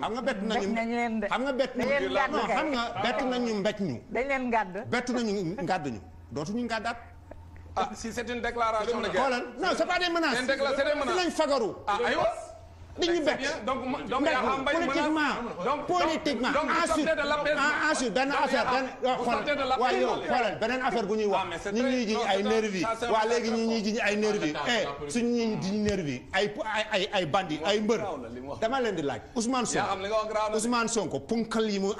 xam nga bett nañu xam nga bett nañu xam nga bett nañu mbéj ñu dañ leen ngàdd bett nañu ngàdd ñu dootuñu ngàddaat ah si c'est une déclaration de guerre xoolal non c'est pas des menaces c'est des menaces lañ fagaru ah dañu bett donc donc politiquement politiquement ensuite ensuite benn affaire benn xoolal waaye yow xoolal beneen affaire bu ñuy ay nervi waa léegi ñu ñuy jiñ ay nervi eh suñ ñuy jiñ nervi ay ay ay bandi ay mbër dama leen di laaj Ousmane Sonko Ousmane Sonko punkal yi mu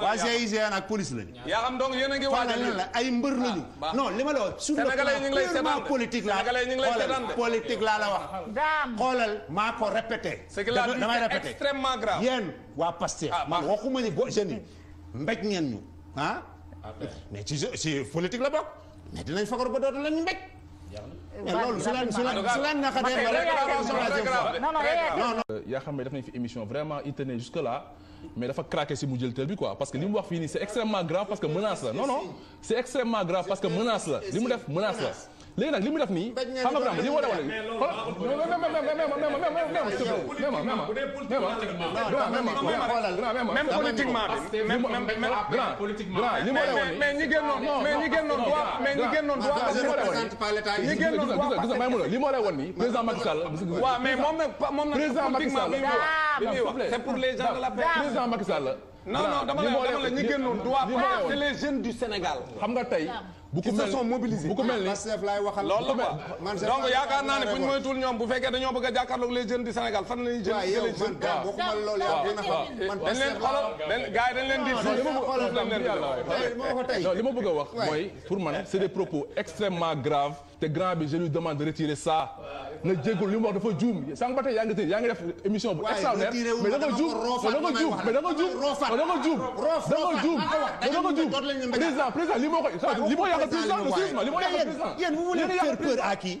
waa GIGN ak police lañu xoolal lañu ah, non li ma le plan la politique répété. c'est que la lutte est extrêmement grave yéen wa pasteur. Ah, man waxuma ni boo jeunes yi mbéj ñu Hein? mais ci c'est politique la bok. mais dinañ fagaru ba dootu lañu mbéj. loolu su leen su leen su leen naqatee ba rek euh, yaa xam ne def nañ fi émission vraiment il tenait jusque là mais dafa craquer si mu jël tël bi quoi parce que li wax fini c'est extrêmement grave parce que menace la non non c'est extrêmement grave parce que menace la li def menace la léegi nag li mu def nii. xam nga li mu war a wane. mais loolu baaxul. mais même politiquement non non c'est les jeunes du Sénégal. les c'est des propos extrêmement graves je lui demande de retirer ça. qui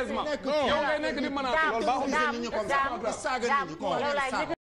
sérieusement yow ngay nekk di menacer loolu baaxul.